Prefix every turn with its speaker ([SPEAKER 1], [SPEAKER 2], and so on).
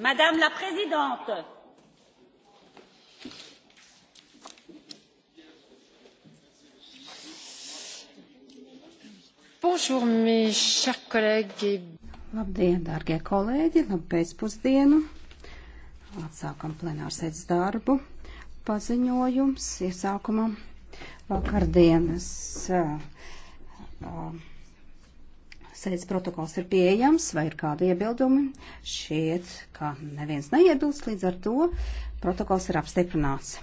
[SPEAKER 1] madame la présidente
[SPEAKER 2] Bonjour, mes chers collègues. Labdien, dārgie kolēģi, labu pēcpusdienu. Atsākam plenārsēdes darbu. Paziņojums iesākumam vakardienas. Uh, uh, Sēdes protokols ir pieejams, vai ir kādi iebildumi? Šķiet, ka neviens neiebilst, līdz ar to protokols ir apstiprināts.